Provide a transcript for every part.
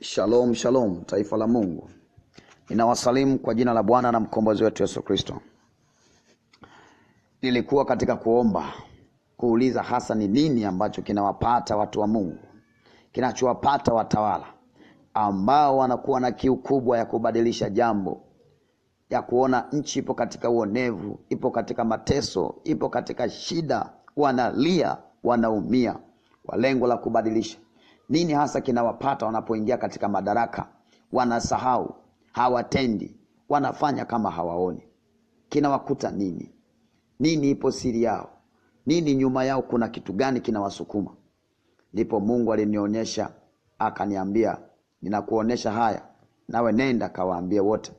Shalom, shalom, taifa la Mungu, ninawasalimu kwa jina la Bwana na mkombozi wetu Yesu Kristo. Nilikuwa katika kuomba kuuliza hasa ni nini ambacho kinawapata watu wa Mungu, kinachowapata watawala ambao wanakuwa na kiu kubwa ya kubadilisha jambo, ya kuona nchi ipo katika uonevu, ipo katika mateso, ipo katika shida, wanalia, wanaumia kwa lengo la kubadilisha nini hasa kinawapata wanapoingia katika madaraka? Wanasahau, hawatendi, wanafanya kama hawaoni. Kinawakuta nini? Nini ipo siri yao? Nini nyuma yao? Kuna kitu gani kinawasukuma? Ndipo Mungu alinionyesha akaniambia, ninakuonyesha haya, nawe nenda kawaambie wote.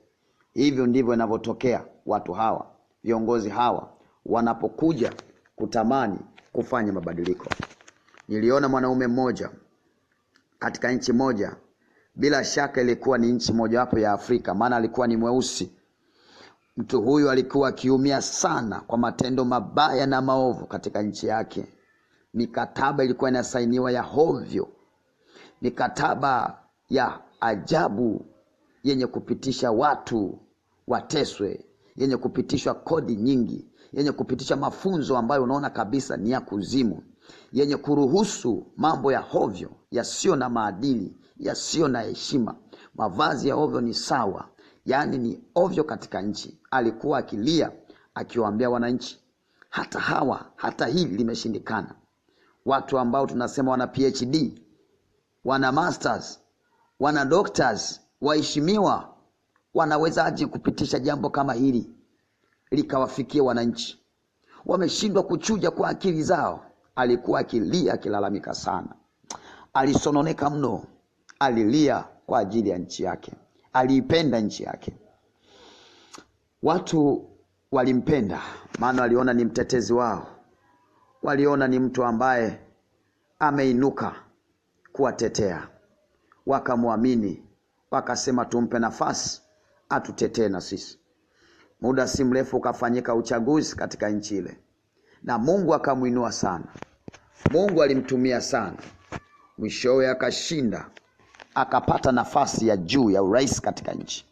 Hivyo ndivyo inavyotokea watu hawa, viongozi hawa wanapokuja kutamani kufanya mabadiliko. Niliona mwanaume mmoja katika nchi moja. Bila shaka ilikuwa ni nchi mojawapo ya Afrika, maana alikuwa ni mweusi. Mtu huyu alikuwa akiumia sana kwa matendo mabaya na maovu katika nchi yake. Mikataba ilikuwa inasainiwa ya hovyo, mikataba ya ajabu yenye kupitisha watu wateswe, yenye kupitishwa kodi nyingi, yenye kupitisha mafunzo ambayo unaona kabisa ni ya kuzimu yenye kuruhusu mambo ya hovyo yasiyo na maadili, yasiyo na heshima. Mavazi ya ovyo ni sawa, yaani ni ovyo katika nchi. Alikuwa akilia akiwaambia wananchi, hata hawa, hata hili limeshindikana. Watu ambao tunasema wana PhD, wana masters, wana doctors, waheshimiwa, wanawezaje kupitisha jambo kama hili likawafikia wananchi? Wameshindwa kuchuja kwa akili zao alikuwa akilia akilalamika sana, alisononeka mno, alilia kwa ajili ya nchi yake, aliipenda nchi yake. Watu walimpenda, maana waliona ni mtetezi wao, waliona ni mtu ambaye ameinuka kuwatetea, wakamwamini, wakasema tumpe nafasi atutetee na sisi. Muda si mrefu ukafanyika uchaguzi katika nchi ile, na Mungu akamwinua sana. Mungu alimtumia sana, mwishowe akashinda, akapata nafasi ya juu ya urais katika nchi.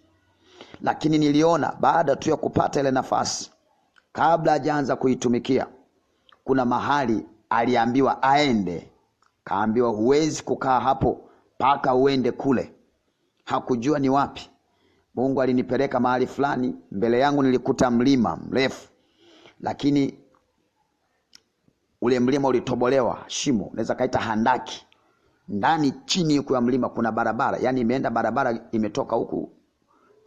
Lakini niliona baada tu ya kupata ile nafasi, kabla hajaanza kuitumikia, kuna mahali aliambiwa aende, kaambiwa huwezi kukaa hapo mpaka uende kule. Hakujua ni wapi. Mungu alinipeleka mahali fulani, mbele yangu nilikuta mlima mrefu, lakini ule mlima ulitobolewa shimo, unaweza kaita handaki. Ndani chini huko ya mlima kuna barabara, yani imeenda barabara imetoka huku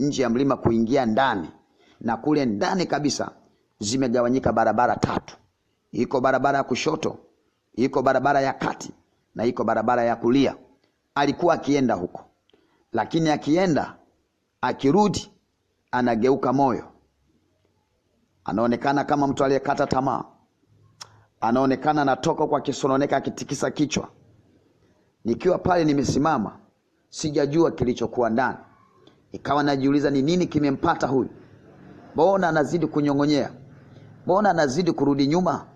nje ya mlima kuingia ndani, na kule ndani kabisa zimegawanyika barabara tatu. Iko barabara ya kushoto, iko barabara ya kati na iko barabara ya kulia. Alikuwa akienda huko, lakini akienda akirudi, anageuka moyo, anaonekana kama mtu aliyekata tamaa anaonekana anatoka kwa kisononeka akitikisa kichwa. Nikiwa pale nimesimama, sijajua kilichokuwa ndani, ikawa najiuliza ni nini kimempata huyu, mbona anazidi kunyong'onyea, mbona anazidi kurudi nyuma.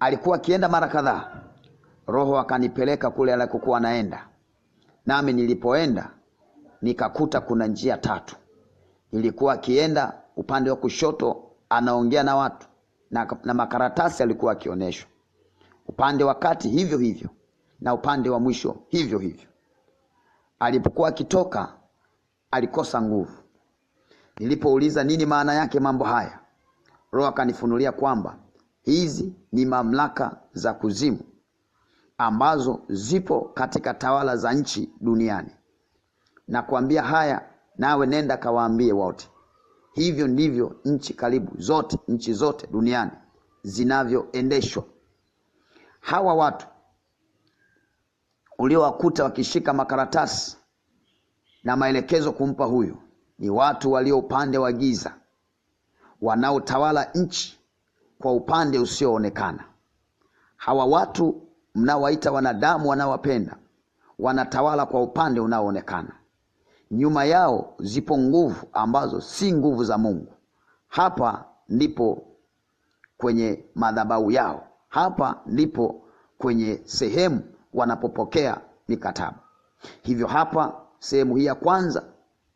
Alikuwa akienda mara kadhaa, Roho akanipeleka kule alikokuwa anaenda, nami nilipoenda nikakuta kuna njia tatu. Ilikuwa akienda upande wa kushoto, anaongea na watu na, na makaratasi alikuwa akionyeshwa. Upande wa kati hivyo hivyo, na upande wa mwisho hivyo hivyo. Alipokuwa akitoka alikosa nguvu. Nilipouliza nini maana yake mambo haya, Roho akanifunulia kwamba hizi ni mamlaka za kuzimu ambazo zipo katika tawala za nchi duniani. Nakwambia haya, nawe nenda kawaambie wote. Hivyo ndivyo nchi karibu zote, nchi zote duniani zinavyoendeshwa. Hawa watu uliowakuta wakishika makaratasi na maelekezo kumpa huyu, ni watu walio upande wa giza, wanaotawala nchi kwa upande usioonekana. Hawa watu mnaowaita wanadamu, wanaowapenda, wanatawala kwa upande unaoonekana. Nyuma yao zipo nguvu ambazo si nguvu za Mungu. Hapa ndipo kwenye madhabahu yao, hapa ndipo kwenye sehemu wanapopokea mikataba. Hivyo hapa sehemu hii ya kwanza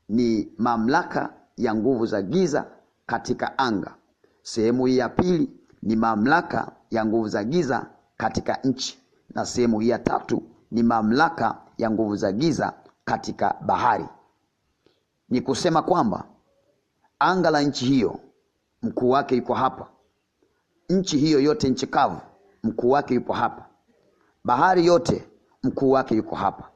ni mamlaka ya nguvu za giza katika anga. Sehemu hii ya pili ni mamlaka ya nguvu za giza katika nchi, na sehemu hii ya tatu ni mamlaka ya nguvu za giza katika bahari ni kusema kwamba anga la nchi hiyo mkuu wake yuko hapa, nchi hiyo yote nchi kavu mkuu wake yupo hapa, bahari yote mkuu wake yuko hapa.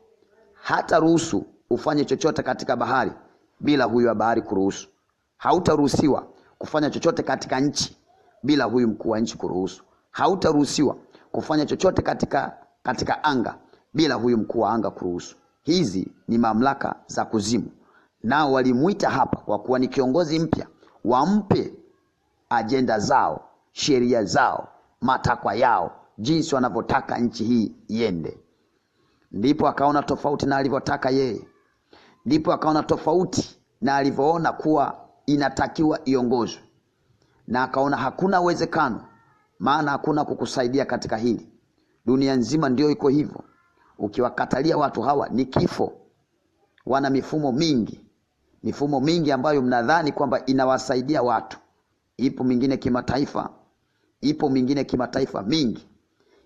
Hata ruhusu ufanye chochote katika bahari bila huyu wa bahari kuruhusu. Hautaruhusiwa kufanya chochote katika nchi bila huyu mkuu wa nchi kuruhusu. Hautaruhusiwa kufanya chochote katika, katika anga bila huyu mkuu wa anga kuruhusu. Hizi ni mamlaka za kuzimu nao walimwita hapa kwa kuwa ni kiongozi mpya, wampe ajenda zao, sheria zao, matakwa yao, jinsi wanavyotaka nchi hii iende. Ndipo akaona tofauti na alivyotaka yeye, ndipo akaona tofauti na alivyoona kuwa inatakiwa iongozwe, na akaona hakuna uwezekano, maana hakuna kukusaidia katika hili. Dunia nzima ndiyo iko hivyo, ukiwakatalia watu hawa ni kifo. Wana mifumo mingi mifumo mingi ambayo mnadhani kwamba inawasaidia watu. Ipo mingine kimataifa, ipo mingine kimataifa mingi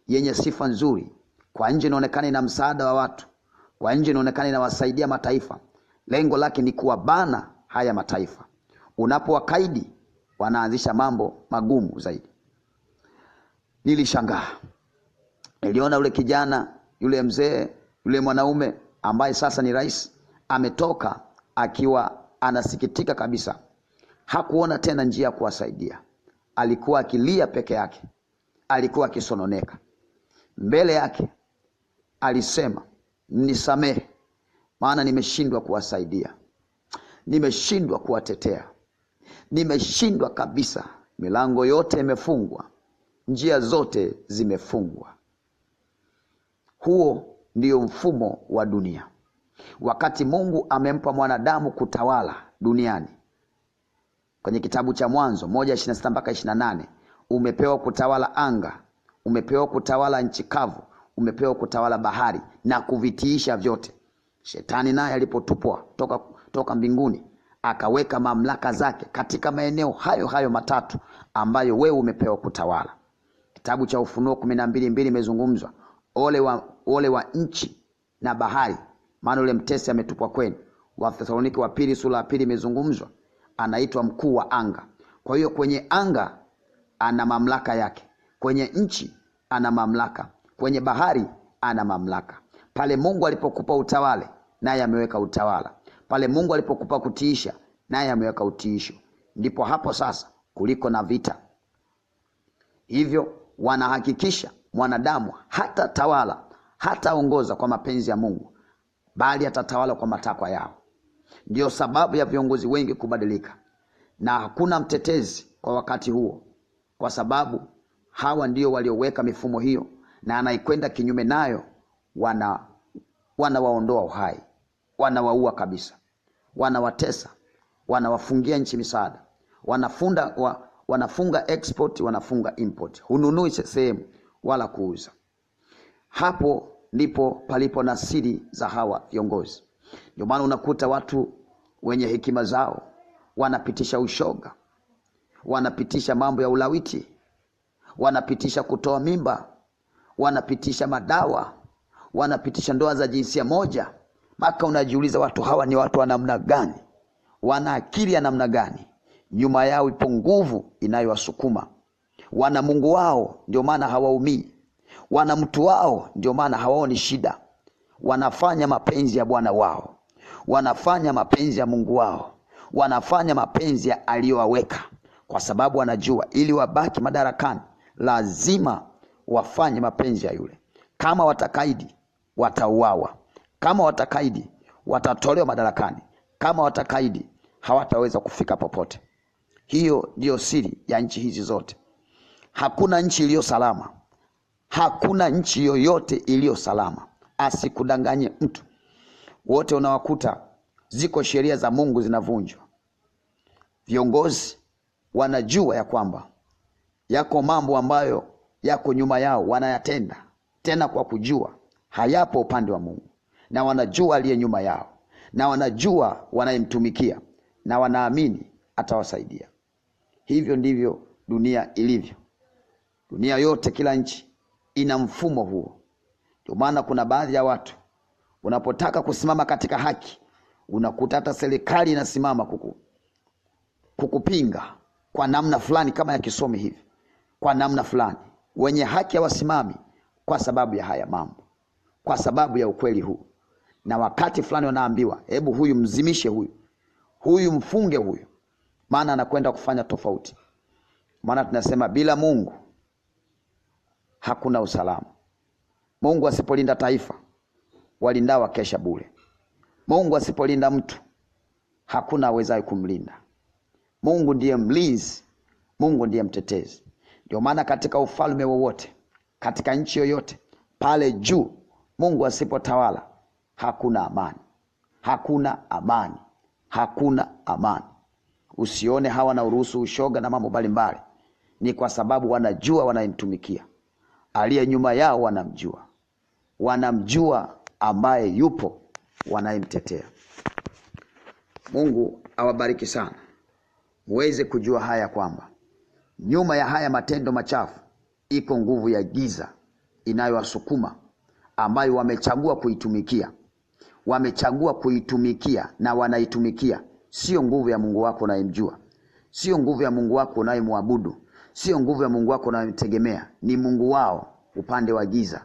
yenye sifa nzuri, kwa nje inaonekana ina msaada wa watu, kwa nje inaonekana inawasaidia mataifa, lengo lake ni kuwabana haya mataifa. Unapowakaidi wanaanzisha mambo magumu zaidi. Nilishangaa, niliona yule kijana, yule mzee, yule mwanaume ambaye sasa ni rais ametoka akiwa anasikitika kabisa, hakuona tena njia ya kuwasaidia. Alikuwa akilia peke yake, alikuwa akisononeka. Mbele yake alisema, nisamehe, maana nimeshindwa kuwasaidia, nimeshindwa kuwatetea, nimeshindwa kabisa. Milango yote imefungwa, njia zote zimefungwa. Huo ndio mfumo wa dunia wakati mungu amempa mwanadamu kutawala duniani kwenye kitabu cha mwanzo moja ishirina sita mpaka na nane umepewa kutawala anga umepewa kutawala nchi kavu umepewa kutawala bahari na kuvitiisha vyote shetani naye alipotupwa toka, toka mbinguni akaweka mamlaka zake katika maeneo hayo hayo matatu ambayo wewe umepewa kutawala kitabu cha ufunuo kumi na mbili mbili imezungumzwa ole wa, ole wa nchi na bahari maana yule mtesi ametupwa kwenu. Wathesalonike wa pili sura ya pili imezungumzwa, anaitwa mkuu wa anga. Kwa hiyo kwenye anga ana mamlaka yake, kwenye nchi ana mamlaka, kwenye bahari ana mamlaka. Pale Mungu alipokupa utawale, naye ameweka utawala. Pale Mungu alipokupa kutiisha, naye ameweka utiisho. Ndipo hapo sasa kuliko na vita. Hivyo wanahakikisha mwanadamu hata tawala hataongoza kwa mapenzi ya Mungu bali atatawala kwa matakwa yao. Ndiyo sababu ya viongozi wengi kubadilika, na hakuna mtetezi kwa wakati huo, kwa sababu hawa ndio walioweka mifumo hiyo, na anaikwenda kinyume nayo wana wanawaondoa uhai, wanawaua kabisa, wanawatesa, wanawafungia nchi misaada, wanafunda wa, wanafunga export, wanafunga import, hununui sehemu wala kuuza hapo ndipo palipo na siri za hawa viongozi. Ndio maana unakuta watu wenye hekima zao wanapitisha ushoga, wanapitisha mambo ya ulawiti, wanapitisha kutoa mimba, wanapitisha madawa, wanapitisha ndoa za jinsia moja, maka unajiuliza watu hawa ni watu wa namna gani? Wana akili ya namna gani? Nyuma yao ipo nguvu inayowasukuma, wana Mungu wao, ndio maana hawaumii wana mtu wao, ndio maana hawaoni shida. Wanafanya mapenzi ya Bwana wao, wanafanya mapenzi ya Mungu wao, wanafanya mapenzi ya aliyowaweka, kwa sababu wanajua ili wabaki madarakani lazima wafanye mapenzi ya yule. Kama watakaidi watauawa, kama watakaidi watatolewa madarakani, kama watakaidi hawataweza kufika popote. Hiyo ndiyo siri ya nchi hizi zote. Hakuna nchi iliyo salama. Hakuna nchi yoyote iliyo salama, asikudanganye mtu. Wote unawakuta ziko sheria za Mungu zinavunjwa. Viongozi wanajua ya kwamba yako mambo ambayo yako nyuma yao, wanayatenda tena kwa kujua hayapo upande wa Mungu, na wanajua aliye nyuma yao, na wanajua wanayemtumikia, na wanaamini atawasaidia. Hivyo ndivyo dunia ilivyo, dunia yote, kila nchi ina mfumo huo. Ndio maana kuna baadhi ya watu unapotaka kusimama katika haki unakuta hata serikali inasimama kuku, kukupinga kwa namna fulani, kama ya kisomi hivi, kwa namna fulani. Wenye haki hawasimami kwa sababu ya haya mambo, kwa sababu ya ukweli huu. Na wakati fulani wanaambiwa, hebu huyu mzimishe, huyu huyu mfunge huyu, maana anakwenda kufanya tofauti. Maana tunasema bila Mungu hakuna usalama. Mungu asipolinda taifa, walindao wakesha bure. Mungu asipolinda mtu, hakuna awezaye kumlinda. Mungu ndiye mlinzi, Mungu ndiye mtetezi. Ndio maana katika ufalme wowote, katika nchi yoyote, pale juu Mungu asipotawala hakuna amani, hakuna amani, hakuna amani. Usione hawa na uruhusu ushoga na mambo mbalimbali, ni kwa sababu wanajua wanayemtumikia aliye nyuma yao wanamjua, wanamjua ambaye yupo wanayemtetea. Mungu awabariki sana, muweze kujua haya kwamba nyuma ya haya matendo machafu iko nguvu ya giza inayowasukuma ambayo wamechagua kuitumikia, wamechagua kuitumikia na wanaitumikia. Sio nguvu ya Mungu wako unayemjua, sio nguvu ya Mungu wako unayemwabudu. Sio nguvu ya Mungu wako unayotegemea, ni Mungu wao upande wa giza.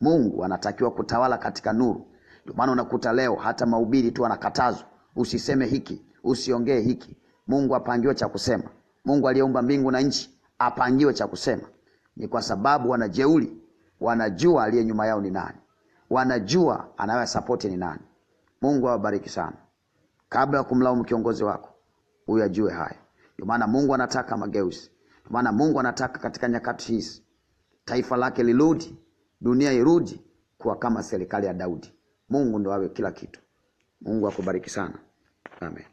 Mungu anatakiwa kutawala katika nuru. Ndio maana unakuta leo hata mahubiri tu anakatazwa, usiseme hiki, usiongee hiki. Mungu apangiwe cha kusema. Mungu aliyeumba mbingu na nchi apangiwe cha kusema. Ni kwa sababu wanajeuli, wanajua aliye nyuma yao ni nani, wanajua anayewasapoti ni nani. Mungu awabariki sana. Kabla ya kumlaumu kiongozi wako, huyu ajue haya. Ndio maana Mungu anataka mageuzi maana Mungu anataka katika nyakati hizi taifa lake lirudi, dunia irudi kuwa kama serikali ya Daudi. Mungu ndo awe kila kitu. Mungu akubariki sana, amen.